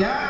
Ya.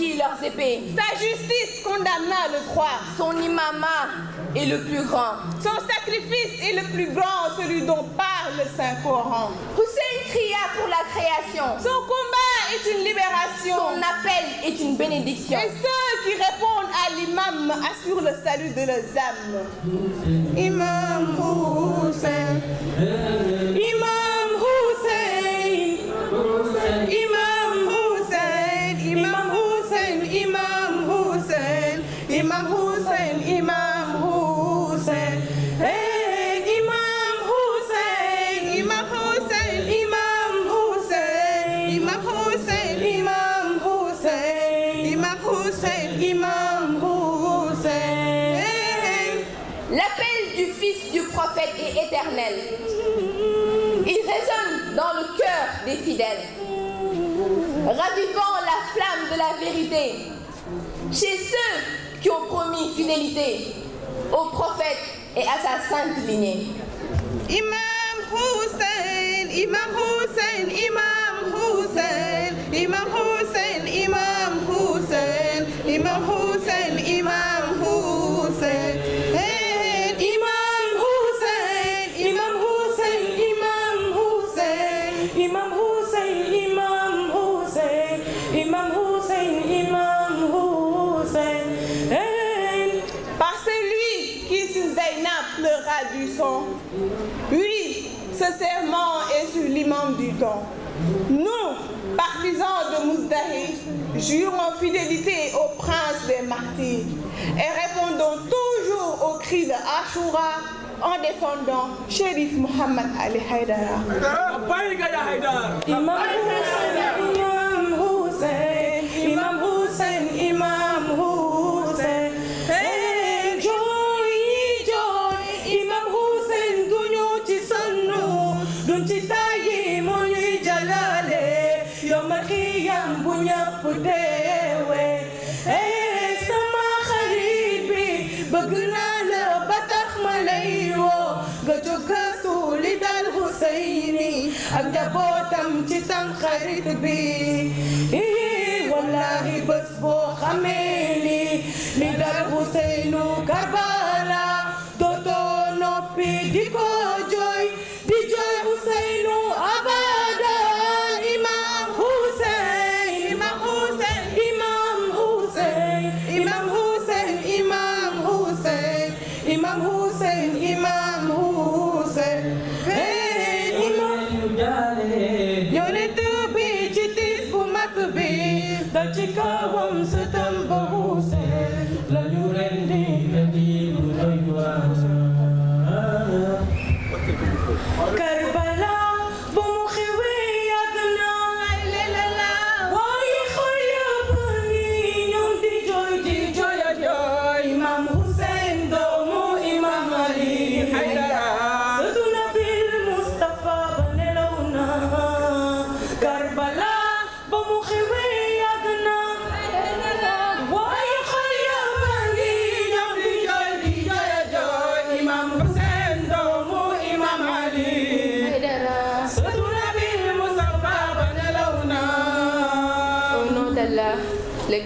acquis leurs Sa justice condamna le droit. Son imamat est le plus grand. Son sacrifice est le plus grand, celui dont parle Saint-Coran. Hussein cria pour la création. Son combat est une libération. Son appel est une bénédiction. Et ceux qui répondent à l'imam assurent le salut de leurs âmes. Imam Hussein. fidèles. Ravivons la flamme de la vérité chez ceux qui ont promis fidélité au prophète et à sa sainte lignée. Imam Hussein, Imam Hussein, Imam Hussein, Imam Hussein, Imam Hussein, Imam Hussein. fidélité au prince des martyrs et répondons toujours au cri de Ashura en défendant Shérif Mohamed Ali Haïdara. ak njabootam ci Tamxarit bi wallahi bés boo xamee ni li dal Ousseynou Kaba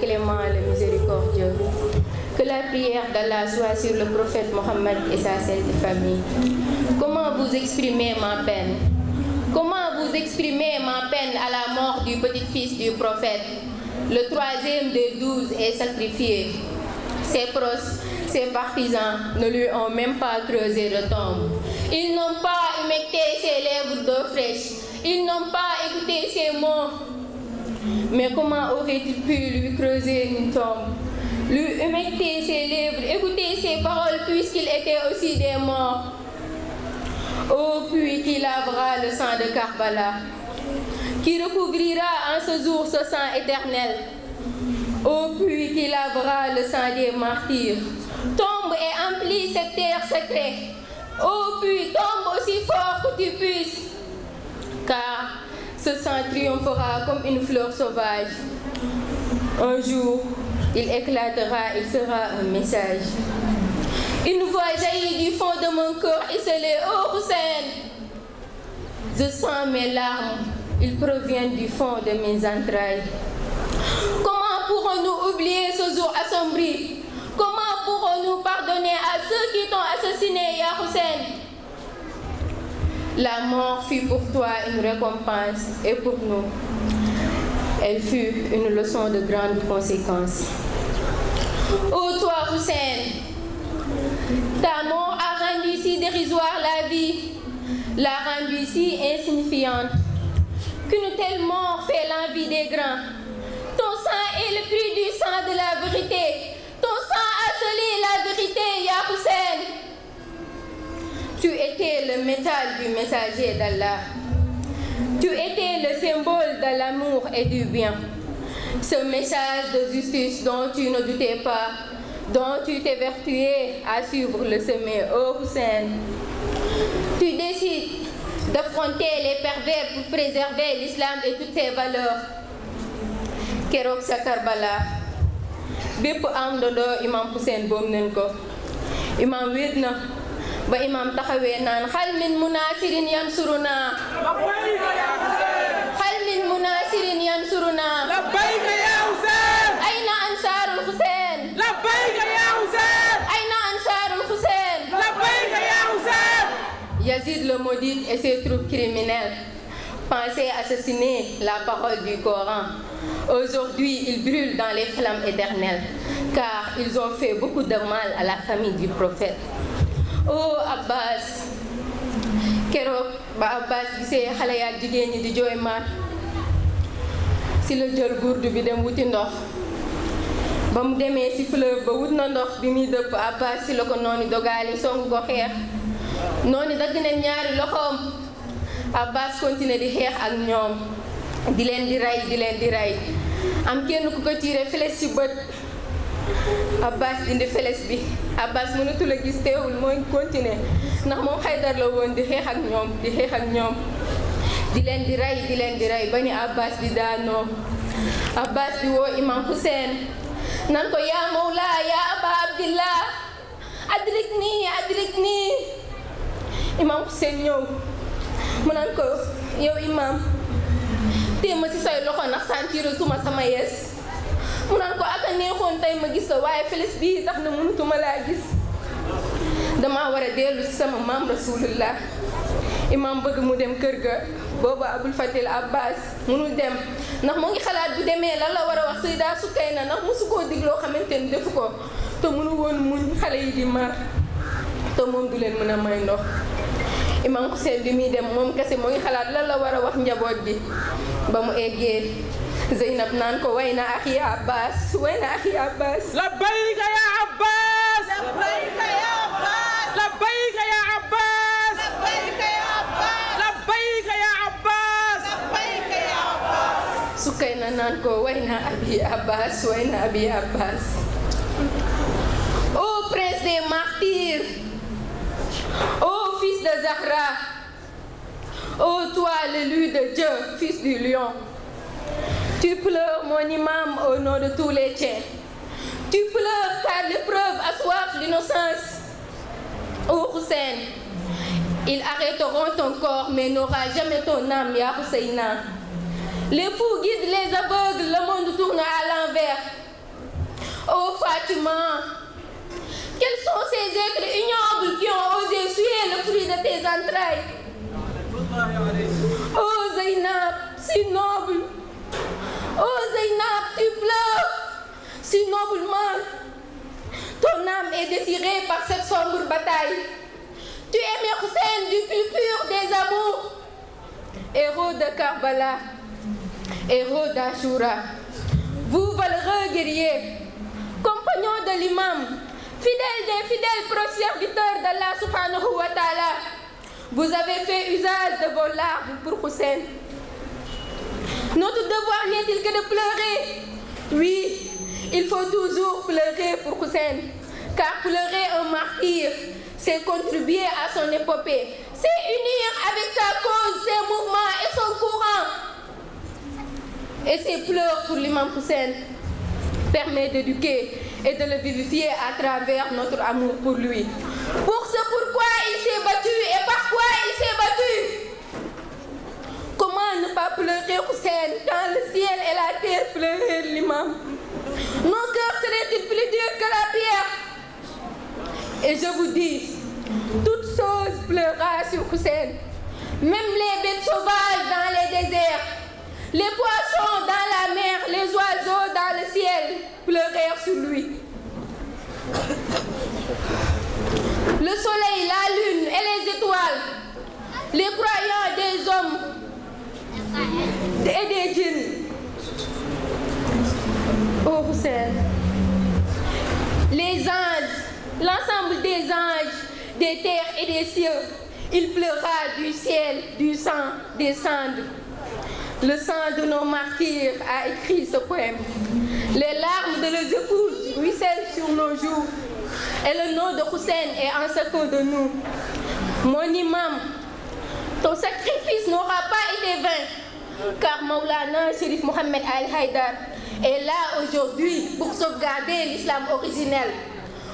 le clément, Que la prière d'Allah soit sur le prophète Mohammed et sa sainte famille. Comment vous exprimer ma peine à la mort du petit-fils du prophète Le troisième des est sacrifié. Ses proches, ses partisans ne lui ont même pas creusé de tombe. Ils n'ont pas humecté ses lèvres d'eau fraîche. Ils n'ont pas écouté ses mots Mais comment aurait-il pu lui creuser une tombe Lui humecter ses lèvres, écouter ses paroles puisqu'il était aussi des morts Oh, puis qui lavera le sang de Karbala, qui recouvrira en ce jour sang éternel. Oh, puis qui lavera le sang des martyrs. Tombe et emplis cette terre sacrée. Oh, puis tombe aussi fort que tu puisses, Ce sang triomphera comme une fleur sauvage. Un jour, il éclatera, il sera un message. Une voix jaillit du fond de mon corps et se lève au Je sens mes larmes, il provient du fond de mes entrailles. Comment pourrons-nous oublier ce jour assombri Comment pourrons-nous pardonner à ceux qui t'ont assassiné, Ya Hussein La mort fut pour toi une récompense et pour nous, elle fut une leçon de grandes conséquences. Ô toi, Hussein, ta mort a rendu si dérisoire la vie, l'a rendu si insignifiante, qu'une telle mort fait l'envie des grands. Ton sang est le prix du sang de la vérité. Ton sang a scellé la vérité, Ya Hussein. Tu étais le métal du messager d'Allah. Tu étais le symbole de l'amour et du bien. Ce message de justice dont tu ne doutais pas, dont tu t'évertuais à suivre le sommet au Hussein. Tu décides d'affronter les pervers pour préserver l'islam et toutes ses valeurs. keroog sa Karbala am dondoo imam Hussein boobu nañ imam wéet na ba imam taxawee naan xal min munaasirin yansuruna xal min munaasirin yansuruna labbayka ya Hussein ayna ansaarul Hussein labbayka ya Hussein ayna ansaarul Hussein labbayka ya Hussein Yazid le maudit et ses troupes criminelles pensaient assassiner la parole du Coran Aujourd'hui, ils brûlent dans les flammes éternelles, car ils ont fait beaucoup de mal à la famille du prophète. oh Abbas keroog ba Abbas gisee xale yaak jigéen ñi di jooy maar ci la jël gurdu bi dem wuti ndox ba mu demee si fleuve ba wut na ndox bi muy dëpp Abbas si la ko noonu dogaali songu ko xeex noonu dagg nañ ñaari loxoom Abbas continué di xeex ak ñoom di leen di rey di leen di rey am kenn ku ko tiire flèche si bët Abbas dindi feles bi Abbas mënatul a gis teewul mooy continuer ndax moom Xaydar la woon di xeex ak ñoom di xeex ak ñoom di leen di rey di leen di rey ba ni Abbas di daanoo Abbas di woo Imam Hussein nan ko yaa Mawla yaa Aba Abdillah adrik nii Imam Hussein ñëw mu nan ko yow Imam téye ma si say loxo ndax sentiru suma sama yees mu naan ko ak a neexoon tey ma gis la waaye felis bii tax na mënutuma laa gis dama war a dellu si sama maam rasulullah imam bëgg mu dem kër ga boobu abul fatil abbas munul dem ndax mu ngi xalaat bu demee lan la war a wax sayda sukkay na ndax mosu koo dig loo xamante ni defu ko te mënu woon muñ xale yi di mar te moom du leen mën a may ndox imam Xuseen bi muy dem moom kese mu ngi xalaat lan la war a wax njaboot bi ba mu eggee Zeynab naan ko way na Abbas way ya Abbas labbayka ya Abbas labbayka ya Abbas labbayka ya naan ko way na abi Abbas way abi Abbas Ô prince des martyrs ô oh, fils de Zahra ô oh, toi de Dieu fils du lion Tu pleures, mon imam, au nom de tous les tiens. Tu pleures car l'épreuve assoif l'innocence. Ô Hussein, ils arrêteront ton corps, mais n'aura jamais ton âme, Ya Husseina. Les fous les aveugles, le monde tourne à l'envers. Ô Fatima, quels sont ces êtres ignobles qui ont osé suer le fruit de tes entrailles Ô Zainab, si Oh tu pleures si noblement. Ton âme est désirée par cette sombre bataille. Tu es Mersenne du plus pur des amours. Héros Karbala, héros d'Ashura, vous valeureux guerriers, compagnons de l'imam, fidèles des fidèles proches serviteurs d'Allah subhanahu wa vous avez fait usage de vos larmes pour Hussein. Notre devoir n'est-il que de pleurer Oui, il faut toujours pleurer pour Hussein, car pleurer un martyr, c'est contribuer à son épopée, c'est unir avec sa cause, ses mouvements et son courant. Et ses pleurs pour l'imam Hussein permet d'éduquer et de le vivifier à travers notre amour pour lui. Pour ce pourquoi Cheikh quand le ciel et la terre pleuraient l'imam. Nos cœurs seraient-ils plus durs que la pierre? Et je vous dis, toute chose pleurera sur Hussein, même les bêtes sauvages dans les déserts, les poissons dans la mer, les oiseaux dans le ciel pleurèrent sur lui. Le soleil, la lune et les étoiles, les croyants des hommes d'aider jeunes au oh, Roussel les anges l'ensemble des anges des terres et des cieux il pleura du ciel du sang des cendres le sang de nos martyrs a écrit ce poème les larmes de leurs épouses ruissellent sur nos joues et le nom de Hussein est en chacun de nous Ton sacrifice n'aura pas été vain, car Maulana Sherif Mohamed Al-Haïdar est là aujourd'hui pour sauvegarder l'islam originel.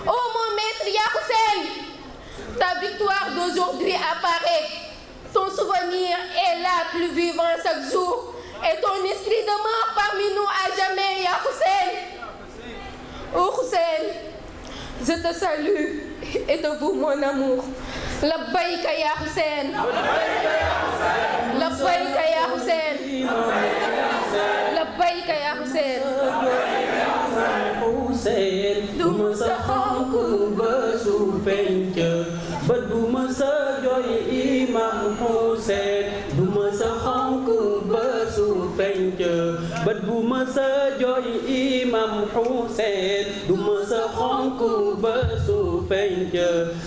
Oh mon maître Yahoussen, ta victoire d'aujourd'hui apparaît. Ton souvenir est là, plus vivant chaque jour, et ton esprit demeure parmi nous à jamais, Yahoussen. Oh Hussein, je te salue et te mon amour. لبيك يا حسين لبيك يا حسين لبيك يا حسين حسين du ma sa xonk ba su penc bët bu ma sa jooy imam Hussein du ma sa xonk ba su penc bët bu ma sa jooy imam Hussein du ma sa xonk ba su penc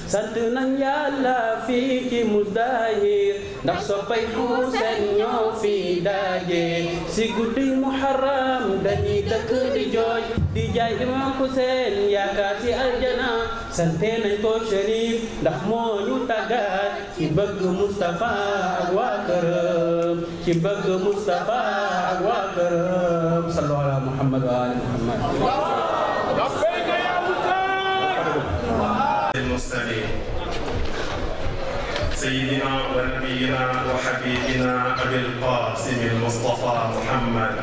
sant nañ yàlla fii ci musdahir ndax soppay ku seen ñoo fi daje si guddi muharram dañuy dëkk di jooj di jaay imam Hussein yaakaar si aljana sante nañ ko Cherif ndax moo ñu tàggat ci bëgg Moustapha ak waa këram ci bëgg Moustapha ak waa këram sallu ala Muhammad wa ali المرسلين سيدنا ونبينا وحبيبنا أبي القاسم المصطفى محمد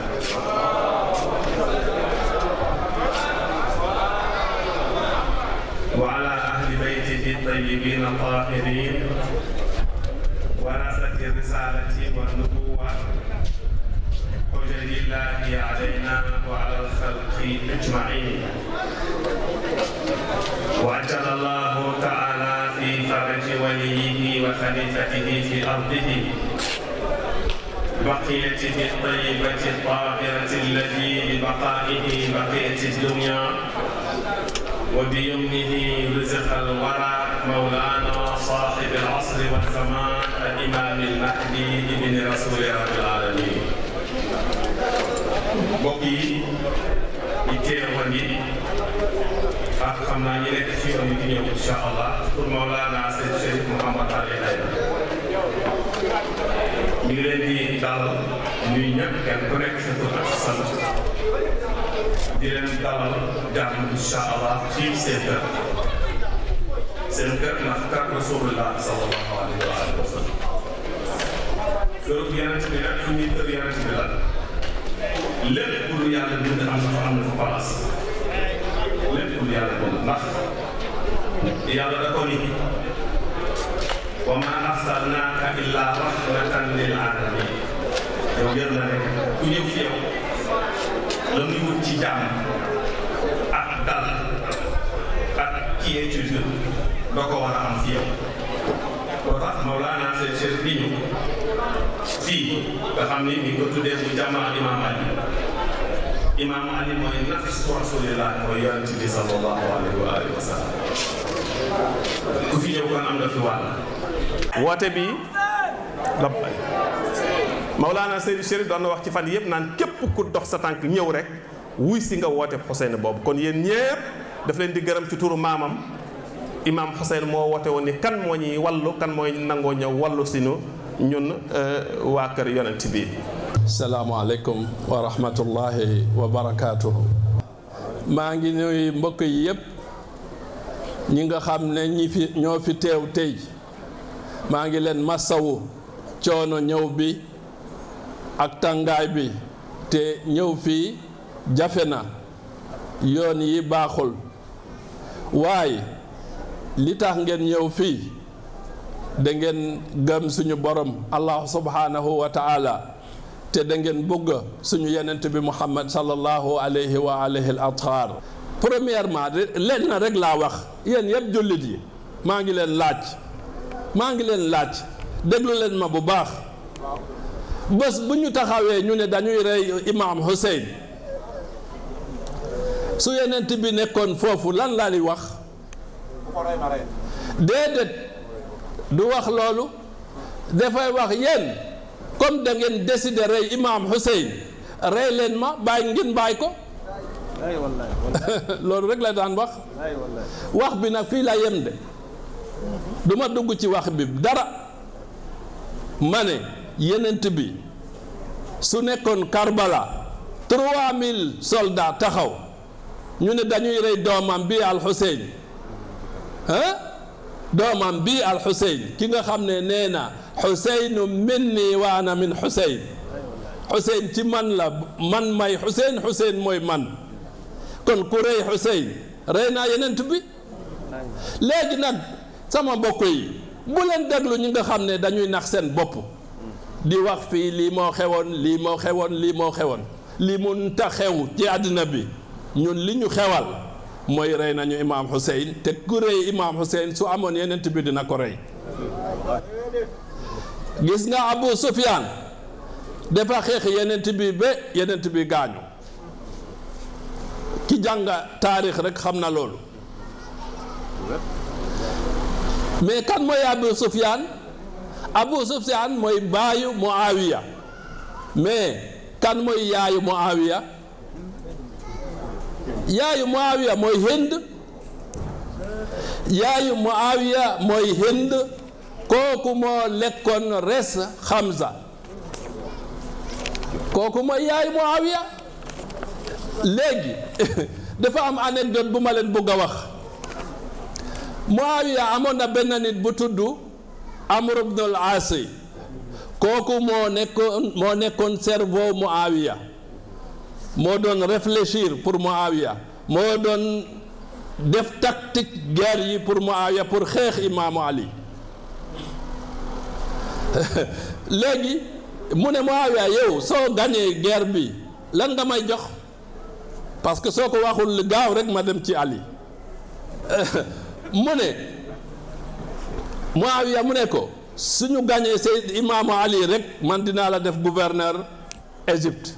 وعلى أهل بيته الطيبين الطاهرين ورثة الرسالة والنبوة حجج الله علينا وعلى الخلق أجمعين وعجل الله تعالى في فرج وليه وخليفته في أرضه بقيته الطيبة الطاهرة الذي ببقائه بقيت الدنيا وبيمنه رزق الورى مولانا صاحب العصر والزمان الإمام المهدي ابن رسول رب العالمين بقي di teewal nit ah xam naa ñu nekk ci yoon bi di ñëw incha allah pour Mawlana seen Cheikh Mouhamad Ali Aïda ñu ngi leen di dalal ñuy ñëpp kenn ku nekk sa tur ak sa sant di leen dalal jàmm incha allah ci seen kër seen kër ndax kër Rasulullah sallallahu alayhi wa sallam kër Yonent bi nag fu ñuy kër Yonent bi la lépp lu yàlla bind am na fa am na fa place lépp lu yàlla bind ndax yàlla da ko ni wa ma arsalnaaka illa rahmatan lil alamin yow yër la rek ku ñëw fi yow la muy wut ci jàmm ak dal ak quiétude da ko war a am fi yow boo tax Mawlana Cheikh bi ñu fii nga xam ni mi ko tuddee bu jàmmaa imaam Ali Imam Ali mooy nafistu rasulillah mooy yonent bi sallallahu alayhi wa alihi wa sallam ku fi ñëw kon woote bi labbay Maulana Seydou Chérif doon na wax ci fan yëpp naan képp ku dox sa tànk ñëw rek wuy si nga woote Xuseyni boobu kon yéen ñëpp daf leen di gërëm ci turu maamam Imam Xuseyni moo woote woon ni kan moo ñuy wallu kan mooy nangoo ñëw wallu si ñu ñun euh, waa kër yonent bi salaamualeykum wa rahmatullahi wa barakaatuhu. maa ngi nuyu mbokk yi yépp ñi nga xam ne ñi fi ñoo fi teew tey maa ngi leen massawu coono ñëw bi ak tàngaay bi te ñëw fii jafe na yoon yi baaxul waaye li tax ngeen ñëw fii dangeen gëm suñu borom allah subhanahu wa ta'ala te da ngeen bëgg suñu yenent bi muhammad sallallahu alayhi wa alihi al athar premièrement leen na rek laa wax yéen yëpp jullit yi maa ngi leen laaj maa ngi leen laaj déglu leen ma bu baax bés bu ñu taxawee ñu ne dañuy rey imaam Hussein su yenent bi nekkoon foofu lan laa di wax déedéet du wax loolu dafay wax yéen comme dangeen ngeen décider rey imaam Hussein rey leen ma bàyyi ngeen bàyyi ko loolu rek la daan wax wax bi nag fii la yem de du dugg ci wax bi dara ma ne yenent bi su nekkoon Karbala trois mille soldats taxaw ñu ne dañuy rey doomam bii al Hussein ah doomam bii al ki nga xam ne nee na xuseynu minni wa ana min xuseyn xuseyn ci man la man may xuseyn xuseyn mooy man kon ku rey xuseyn rey naa yenent bi léegi nag sama mbokk yi bu leen déglu ñi nga xam ne dañuy nax seen bopp di wax fii lii moo xewoon lii moo xewoon lii moo xewoon xew ci àddina bi ñun li ñu xewal mooy rey nañu imaam Hussein te ku rey imaam Hussein su amoon yenent bi dina ko rey gis nga Abu Sufyaan dafa xeex yenent bi ba yenent bi gaañu ki jàng taarix rek xam na loolu mais kan mooy Abu Sufyaan Abu Sufyaan mooy baayu Muawiya mais kan mooy yaayu Muawiya yaayu Muawiya mooy Hind yaayu Muawiya mooy Hind kooku moo lekkoon res Hamza kooku mooy yaay Muawiya léegi dafa am anecdote bu ma leen bëgg a wax Muawiya amoon na benn nit bu tudd Amr ibn al-As kooku moo nekkoon moo nekkoon cerveau Muawiya moo doon réfléchir pour Muawiya moo doon def tactique guerre yi pour Muawiya pour xeex imaamu Ali léegi mu ne Muawiya yow soo gañee guerre bi lan nga may jox parce que soo ko waxul lu gaaw rek ma dem ci Ali mu ne mois Muawiya mu ne ko suñu gañee Seyd imaamu Ali rek man dinaa la def gouverneur Égypte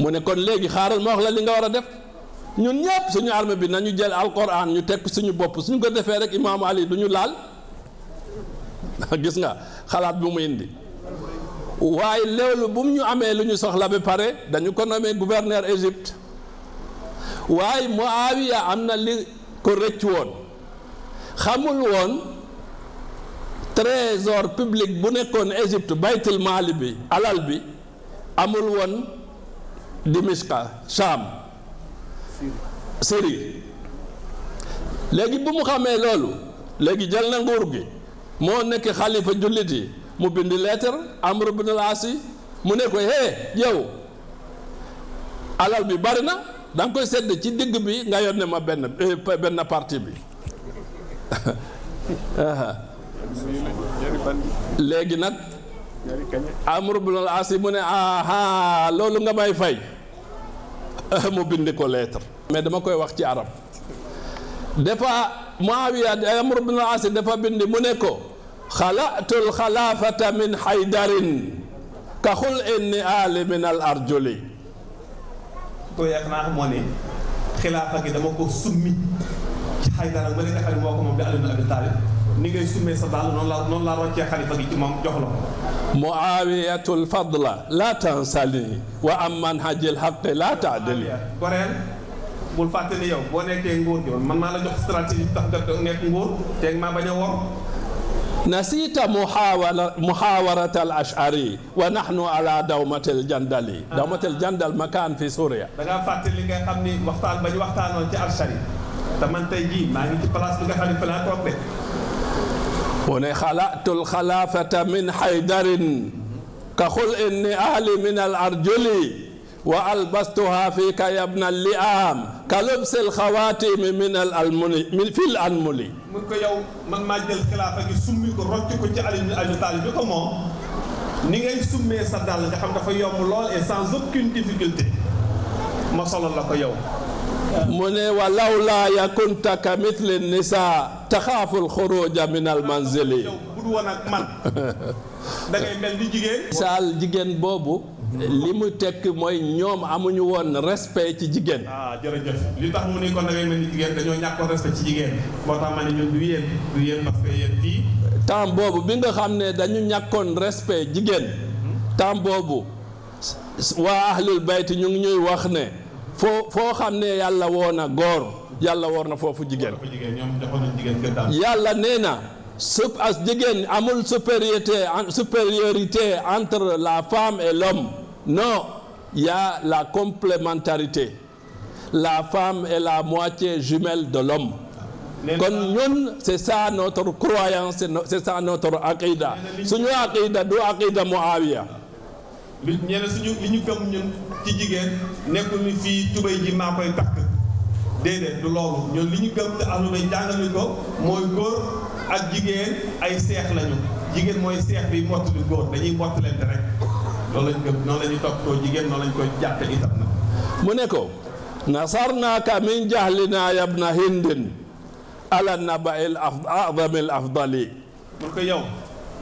mu ne kon léegi xaaral ma wax la li nga war a def ñun ñëpp suñu armee bi nañu jël alquran ñu teg suñu bopp suñu ko defee rek imaamu Ali du ñu laal gis nga xalaat bu mu indi waaye loolu bu mu ñu amee lu ñu soxla ba pare dañu ko nommé gouverneur Égypte waaye Muawiya am na li ko rëcc woon xamul woon trésor public bu nekkoon Égypte baytul maali bi alal bi amul woon Dimishka Sham Syrie léegi bu mu xamee loolu léegi jal na nguur gi moo nekk xalifa jullit yi mu bind lettre Amr ibn al mu ne ko hee yow alal bi bari na danga koy sedd ci digg bi nga ne ma benn eh, benn parti bi léegi nag Amr ibn al-As mu ne loolu nga may fay mu bind ko lettre mais dama koy wax ci arab dafa Muawiya Amr ibn al-As dafa bind mu ne ko xalaatul xalaafata min xaydarin ka xul inni aali min al arjuli ko yàq naa moo ne xilaafa gi dama ko summi ci xaydara ma li nga xam ne moo ko moom di Ali ibn Abi Talib ni ngay summee sa dàll noonu laa noonu laa roccee xalifa gi ci moom jox la muawiyatul fadla laa tansali wa am manhajil xaqi laa taadili goreel bul fàtte ni yow boo nekkee nguur gi man maa la jox stratégie tax nga nekk nguur teeg maa bañ a wor نسيت محاولة محاورة الأشعري ونحن على دومة الجندلي دومة الجندل مكان في سوريا دغا فاتلي nga xam ni waxtaan bañ waxtaanoon ci Alshari te man tey jii maa ngi ci place bi nga xam ne fa laa toog de هنا خلقت الخلافة من حيدر كخلق النعال من الأرجل wa albastuha fika yabna li'aam ka lubsil xawaatimi min al almuni min fil almuni mu ko yow man maa jël xilaafa gi summi ko rocc ko ci Ali ibn Abi Talib bi ko moom ni ngay summee sa dàll nga xam dafa yomb lool et sans aucune difficulté ma solal la ko yow mu ne wa lawlaa yakunta ka mithli nisaa taxaaful xuruja min al manzili bu du woon boobu li mu tekk mooy ñoom amuñu woon respect ci jigéen. ah jërëjëf li tax mu ni kon da mel ni jigéen dañoo ñàkkoon respect ci jigéen moo tax ma ne ñun du yéen boobu bi nga xam ne dañu ñàkkoon respect jigéen. temps boobu waa ahlul bayt ñu ngi ñuy wax ne foo foo xam ne yàlla woo na góor yàlla woor na foofu jigéen. yàlla nee na. sup as jigéen amul supériorité supériorité entre la femme et l'homme non il la complémentarité la femme et la moitié jumelle de l'homme kon ñun c'est ça notre croyance c'est ça notre aqida suñu aqida du aqida Muawiya li ñu ne suñu li ñu gëm ñun ci jigéen nekkul ni fii tubéy ji maa koy takk déedéet du loolu ñun li ñu gëm te am na jàngal ko mooy góor ak jigéen ay seex lañu jigéen mooy seex bi mottali góor dañuy mottalante rek loolu lañ gëm noonu la ñuy jigéen noonu lañ koy jàppe itam nag mu ne ko nasarnaaka min jahlinaa yabna hindin ala naba'il azamil afdali mun ko yow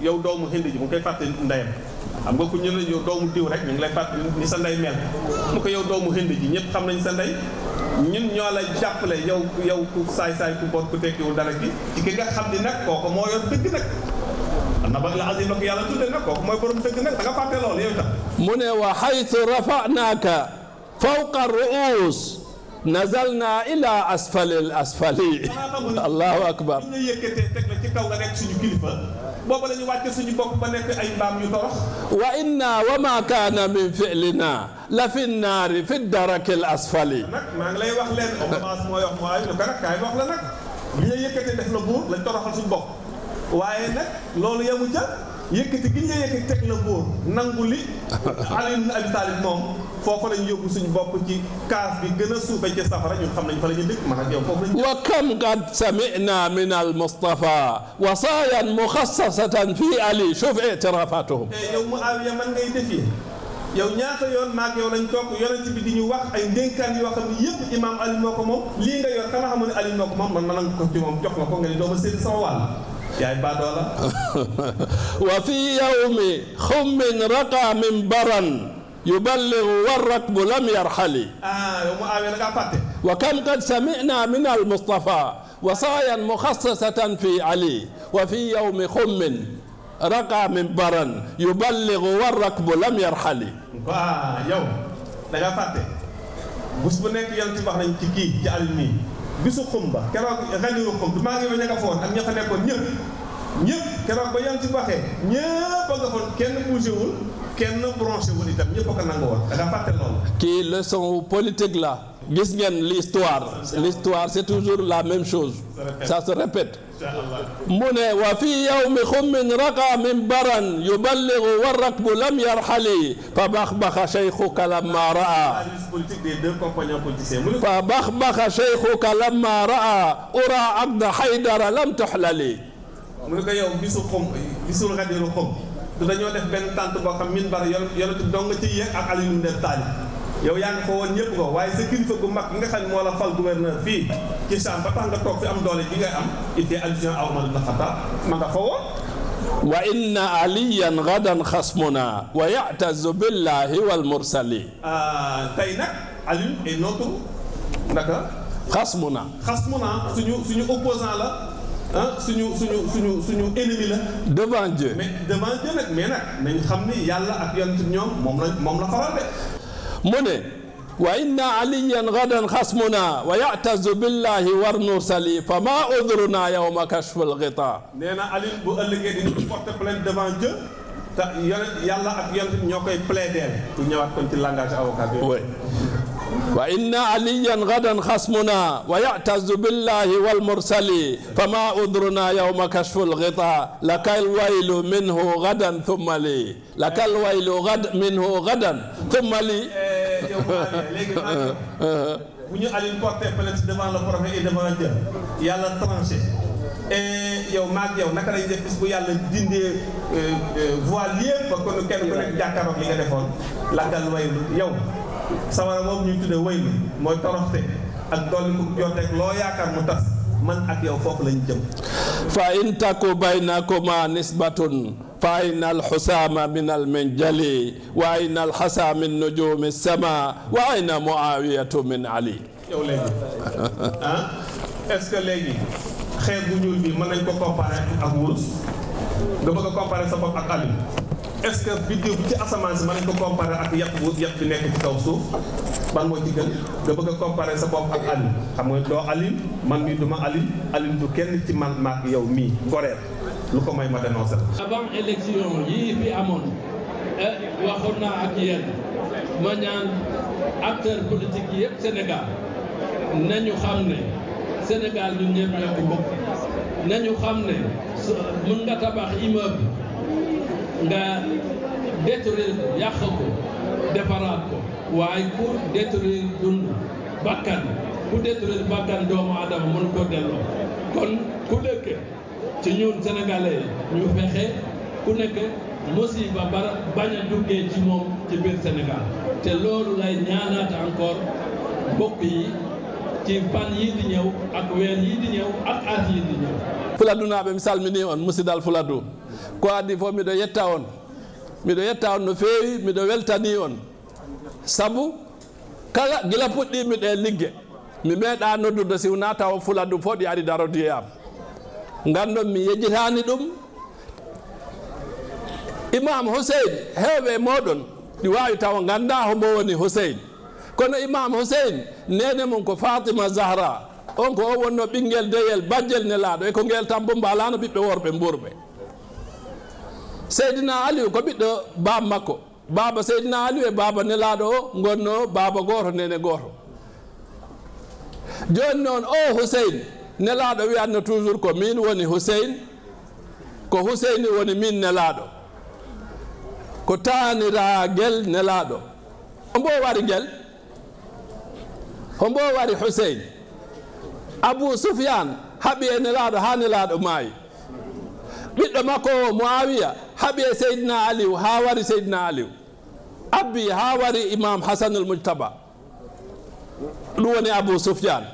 yow doomu hind ji mu koy fàtte ndeyam xam nga ku ñu ne doomu diw rek ñu ngi lay fàttali ni sa ndey mel mu ko yow doomu hind ji ñëpp xam nañ sa ndey ñun ñoo la jàppale yow yow ku saay-saay ku bon ku tekkiwul dara gi ci ki nga xam ni nag kooku na bag la azim yàlla tudde nag kooku mooy borom dëgg nag da nga fàtte mu ne wa xaytu rafanaaka fawqa ruus nazalna ila asfalil asfali allahu akbar nekk suñu kilifa boobu la ñu wàcce suñu bopp ba nekk ay mbaam yu torox wa inna wa ma kaana min fi'lina la fi naari fi daraki al asfali wax la nag bi ñu yëkkatee def la buur lañ toroxal suñu bopp waaye nag loolu yamu yëkkati gi ñu yëkkati teg la buur nangu li Ali ibn Abi moom foofa lañ yóbbu suñ bopp ci kaas bi a suufe ci safara ñun xam nañ fa la ñu dëkk man ak yow foofu lañ wa kam qad samina min al mustafa wasaayan muxassasatan fi ali shuf itirafatuhum eh, yow mu awiya man ngay defee yow ñaata yoon maag yow lañ toog yonent bi di ñu wax ay ndénkaan yoo xam ne yëpp imaam Ali moo lii nga yor kana xamu ne Ali moo man ma nangu ko ci moom jox ko nga ne doo ma sédd sama wàll la wa fi yawmi xummin raqa min baran yuballigu warrakbu lam yarxali wa kam qad samina min almustafa wasaayan muxassasatan fi ali wa fi yowmi xummin raqa min baran yuballigu warrakbu lam yarxali waaw yow da nga fàtte bés bu nekk yonent bi wax nañ ci kii ci almi bisu xumba keroog xañuru xum du maa ngi ba ña nga foon ak ña fa nekkoon ñëpp ñëpp keroog ba yam ci waxee ñëpp a nga foon kenn bougé wul kenn bronché wul itam ñëpp a ko nangu woon da nga fàtte loolu. kii leçon politique la. gis ngeen l'histoire l'histoire c'est toujours la même chose ça se répète mu ne wa fi yawmi xummin raqa min baran yuballigu wa rakbu lam yarxali fa baxbaxa cheikhuka lamma raa fa baxbaxa cheikhuka lamma raa ura abda haydara lam tuxlali mu ne ko yow bisu xom bisul xadiru xom du dañoo def benn tànt boo xam min bari yon yonent dong nga ciy yéeg ak Aliou ñu def yow yaa ngi ko woon ko waaye sa kilifa gu mag bi nga xam ne moo la fal gouverneur fii ci Saam ba tax nga toog fi am doole ji ngay am ittee addition aw Umar ibn Xattaab ma nga fa woon wa inna aliyan gadan xasmuna wa yatazu billahi wal mursali ah, tey nag Aliou est notre naka xasmuna xasmuna suñu suñu opposant la ah suñu suñu suñu suñu ennemi la. devant Dieu devant Dieu nag mais nag nañ xam ni yàlla ak yonent ñoom moom la moom la faral de. mu ne. wa inna aliyan gadan xasmuna wa yatazu billahi war nursali fa udruna yowma kashful ghita nee na bu ëllëgee dinañ porter plainte devant Dieu yàlla ak yonent ñoo koy plaider pour ñëwaat kon ci langage avocat bi. wa inna aliyan gadan xasmuna wa yatazu billahi walmursali fama udruna yowma kashfu lgita laka alwaylu minhu gadan thumma li laka alwaylu minhu gadan thumma li eh, bu ñu Alioune porté plainte devant le prophète et devant Dieu yàlla tranché et eh, yow maag yow naka lañu def bis bu yàlla dindee eh, voile yëpp ba kon kenn ku nekk jàkkaarloog li nga defoon lakal waylu yow sawara boobu ñu tuddee wëy mooy toroxte ak dolli ku joteeg loo yaakaar mu tas man ak yow foofu lañ jëm fa in taku baynakuma nisbatun fa ayna alxusaama min alminjali wa ayna alxasa min nujumi sama wa ayna muawiyatu min ali yow léegi ah, bu ñuul bi mën nañ ko comparer ak wurus nga bëgg a comparer sa bopp ak ali est-ce que biddiw bi ci asamaan si mën nañ ko comparer ak yàq bu yàq bi nekk ci kaw suuf ban moo ci gën nga bëgg sa bopp ak Alioune xam nga doo Alioune man mii du ma Alioune Alioune du kenn ci man maak yow mii goreer lu ko may ma dénoncé avant élection yii fi amoon eh, waxoon naa ak yéen ma ñaan acteur politique yëpp Sénégal nañu xam ne Sénégal ñun ñëpp ñoo ko nañu xam ne mën nga tabax immeuble nga détruire ko yàq ko defaraat ko waaye ku détruire dund bakkan ku détruire bakkan doomu adama mën ko delloo kon ku dëkk ci ñun sénégalais yi ñu fexe ku nekk musiba ba bañ a duggee ci moom ci biir Sénégal te loolu lay ñaanaat encore mbokk yi ci fan mi salmini on musidal fuladu ko addi fof miɗo yetta on no feewi miɗo weltani on sabu kala gila puɗɗimi ɗe ligge mi meeɗa noddude si wona taw fuladu fof ɗi ari darodiye am ngandon mi yejjitani ɗum imam huseyne hewɓe moɗon ɗi wawi taw ganda hombo woni huseyne kono imam housein nene mum ko fatima zahra on ko wonno ɓinguel deyel bajjel nelaɗo e ko nguel tan bo mbalano ɓiɓɓe worɓe mburɓe seydina aliou ko ɓiɗɗo baba makko baba seydina aliou e baba nelaɗo o gonno baba goto nene goto joni o housein nelaɗo wiyanno toujours ko min woni housein ko houseini woni min nelaɗo ko tanira guel nelaɗo wari guel hombo wari husein abou soufiane haɓi e nelaɗo ha nelaɗo maayi ɓiɗɗo makko o e seydina aliou ha wari seydina aliou abbi imam hasanul mujtaba ɗum woni abou soufiane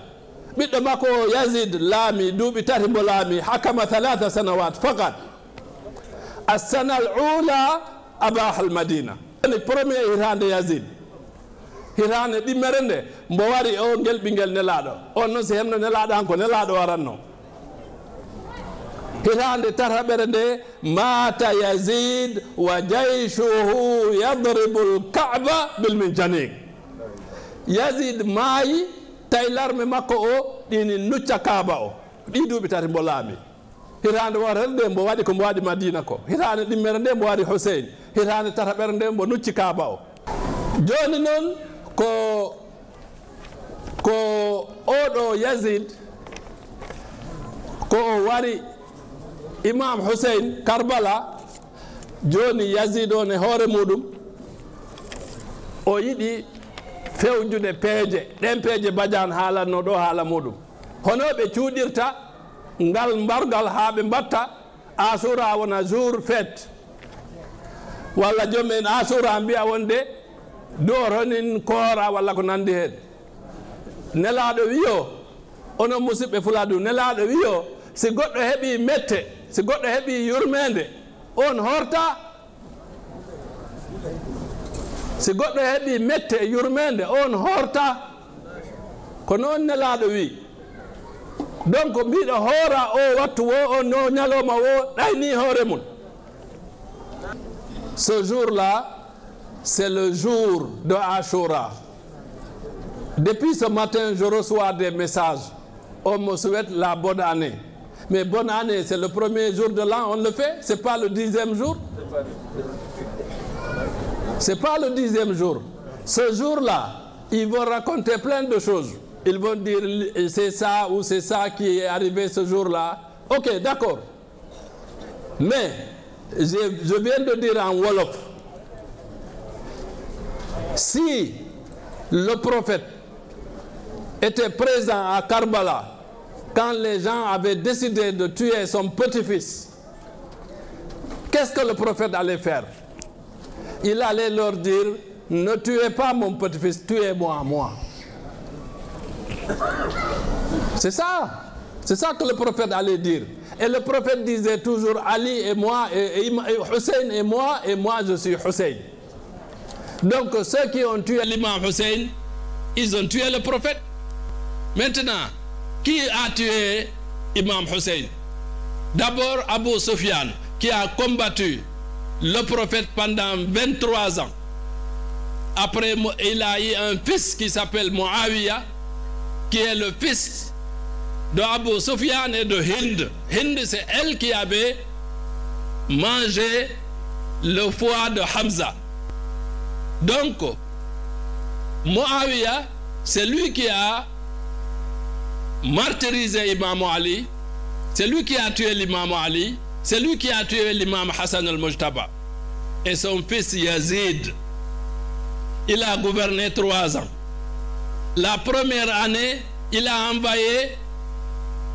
ɓiɗɗo makko o yasid laami duuɓi tati mbo laami hakama halata sanawat fakat assana al ula abah al hitaande ɗimmere nde mbo wari o ngel ɓinguel nelaɗo on noon si henno nelaɗo han ko waranno hitaande tataɓere nde mata yasid wa jaychuhu yadribu l kaaba bilmin janik yasid maayi tawi larme makko o ɗini nucca kaaba o ɗi duuɓi tati mbo laami hitaande wotere nde mbo waɗi ko mbo waɗi madina ko hitaande ɗimmere nde mbo waɗi husein hitaande tataɓere nde mbo nucci kaaba o jooni noon ko ko yazid ko o wari imam husein karbala joni yazid on e hoore muɗum o yiɗi fewjude peeje ɗen peeje badian haalatno ɗo haala muɗum hono ɓe cuuɗirta ngal mbargal haa ɓe mbatta asura wona jour fête walla joomen asura mbiya wonde ɗo ronin koora walla ko nanndi heen nelaaɗo wiyo onon musidɓe fulaa du nelaaɗo wiyo si goɗɗo heɓii mette si goɗɗo heɓii yurmeende on horta si goɗɗo heɓii mette e on horta ko noon nelaaɗo wii donc mbiɗo hoora o wattu wo o no ñalooma wo ɗayni hoore mum ce c'est le jour de Ashura. Depuis ce matin, je reçois des messages. On me souhaite la bonne année. Mais bonne année, c'est le premier jour de l'an, on le fait? C'est pas le dixième jour? C'est pas le dixième jour. Ce jour-là, ils vont raconter plein de choses. Ils vont dire c'est ça ou c'est ça qui est arrivé ce jour-là. OK, d'accord. Mais je, je viens de dire en wolof si le prophète était présent à Karbala quand les gens avaient décidé de tuer son petit-fils, qu'est-ce que le prophète allait faire? Il allait leur dire, ne tuez pas mon petit-fils, tuez-moi, C'est ça. C'est ça que le prophète allait dire. Et le prophète disait toujours Ali et moi et, et, et Hussein et moi et moi je suis Hussein. Donc ceux qui ont tué l'imam Hussein, ils ont tué le profet Maintenant, qui a tué Imam Hussein D'abord Abu Sufyan, qui a combattu le prophète pendant 23 ans. Après, il a eu un fils qui s'appelle Muawiyah, qui est le fils de Abu Sufyan et de Hind. Hind, c'est elle qui mangé le foie de Hamza. donc Muawiya c'est lui qui a martyrisé Imam Ali c'est lui qui a tué l'imam Ali c'est lui qui a al-Mujtaba et son fils Yazid il a gouverné trois ans la première année il a envoyé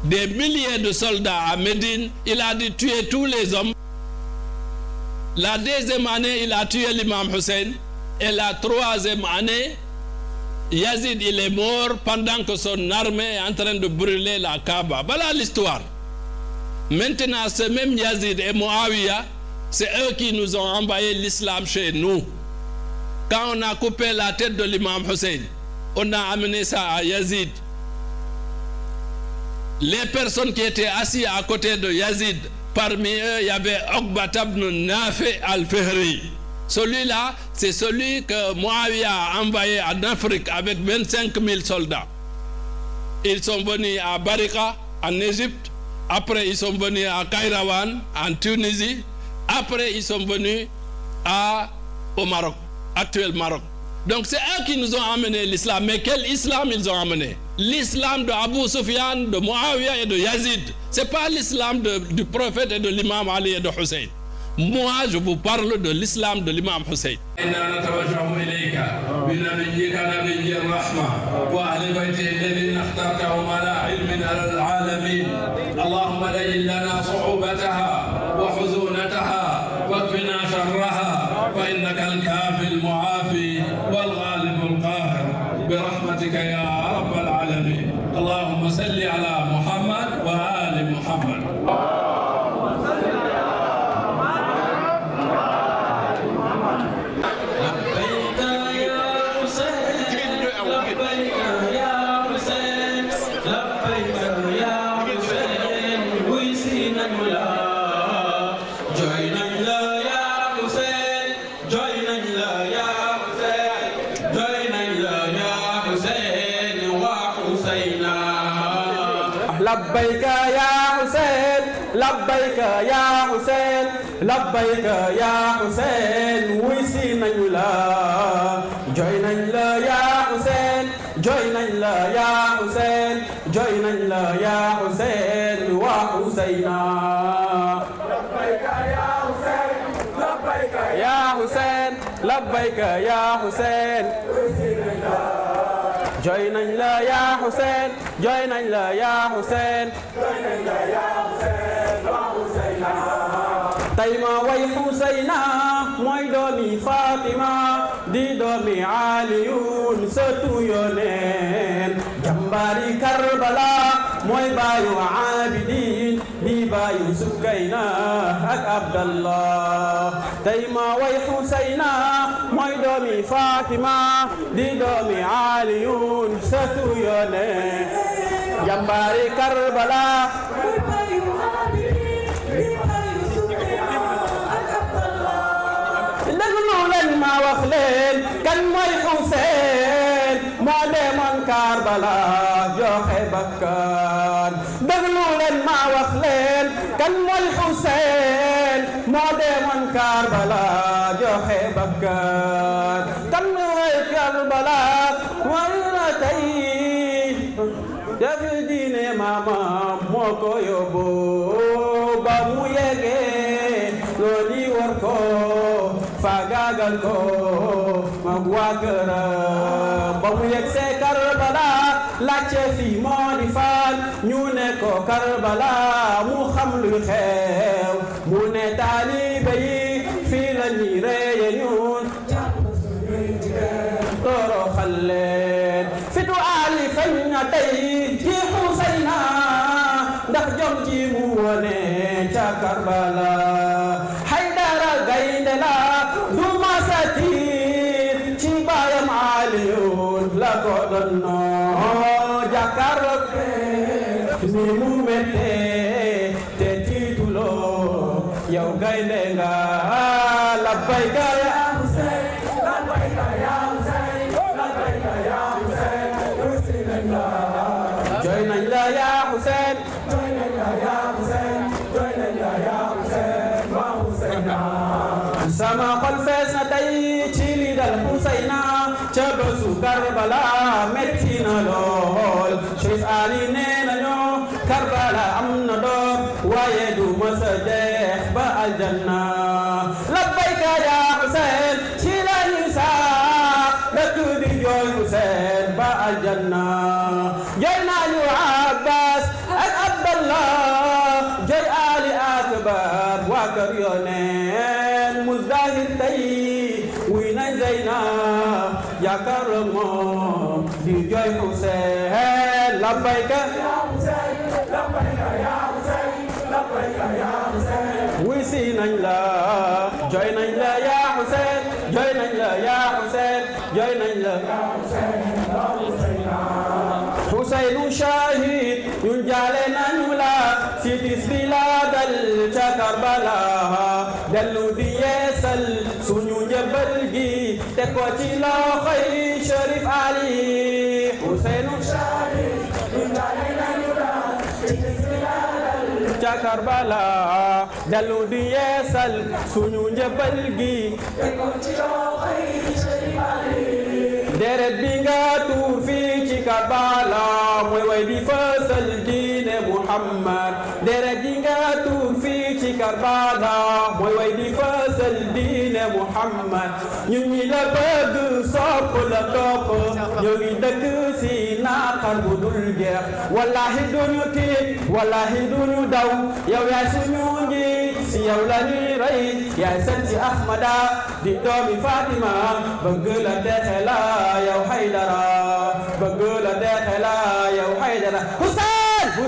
des milliers de solda à Médine il a dit tuer tous les hommes la deuxième année il a tué l'imam Hussein Et la troisième année, Yazid, il est mort pendant que son armée est en train de brûler la Kaaba. Voilà l'histoire. Maintenant, ce même Yazid et Moawiya, c'est eux qui nous ont envoyé l'islam chez nous. Quand on a coupé la tête de l'imam Hussein, on a amené ça à Yazid. Les personnes qui étaient assises à parmi eux, il y avait Okbat ibn al-Fihri. Celui-là, c'est celui que Moawiya a envoyé en Afrique avec 25 000 soldats. Ils sont venus à Barika, en Égypte. Après, ils sont venus à Kairawan, en Tunisie. Après, ils sont venus à, au Maroc, actuel Maroc. Donc, c'est eux nous ont amené l'islam. Mais quel islam ils ont amené L'islam de Abu Sufyan, de Muawiyah et de Yazid. Ce pas l'islam du prophète et de l'imam Ali et de Hussein. Moi, je vous parle de l'islam de l'imam Hussein. Allahumma salli ala Muhammad wa ali Muhammad labbayka yaa Hussein wuy si nañu la jooy nañ la yaa Hussein jooy nañ la yaa Hussein jooy nañ la yaa Hussein waa Huseyna yaa Hussein labbayka yaa Hussein jooy nañ la yaa Hussein jooy nañ la yaa Hussein tey ma way Xuseyna mooy doomi Fatima di doomi Aliyun sëtu yoneen jàmbaari Karbala mooy baayu Abidin di baayu Sukayna ak Abdallah tey way Xuseyna mooy doomi Fatima di doomi Aliyun sëtu yoneen jàmbaari Karbala ma wax leen kan mooy Ousseyn moo demoon Karbala joxe bakkan déglu leen ma wax leen kan mooy Ousseyn moo demoon Karbala joxe bakkan kan mooy Karbala way na tey jafe diine maamam moo ko yóbbu ba mu yegee faagaagal ko mag waa këram ba mu yegg see Karbala laajte fii faal ñu ne ko Karbala mu xam luy xew mu ne taalibe yi fii la ñuy reye ñun toroxal leen fitu Ali fañ na tey ji xusay na ndax jom ji mu wone ca Karbala su Karbala metti na lool Cherif Ali nee nañu Karbala am na door waaye du mës a jeex ba aljanna jaale nañu la ci bis bi la dal ca Karbala dellu di yeesal suñu njëbal ci loxoy Cherif Ali Ousseynou ca Karbala dellu di yeesal suñu njëbal gi te ko Ali deret bi nga tuur fii ci Karbala mooy way di fa muhammad dere ji nga tuur fii mooy way di fasal diine muhammad ñun ñi la bëgg sopp la topp ñoo ngi si naqar bu dul jeex wallahi duñu tiit wallahi duñu daw yow yaay suñu njiit si yow la ñuy rey yaay sant ahmada di doomi fatima bëgg la dexe la yow haydara bëgg la dexe la yow haydara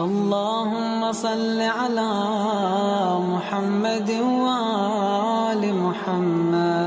اللهم صل على محمد وآل محمد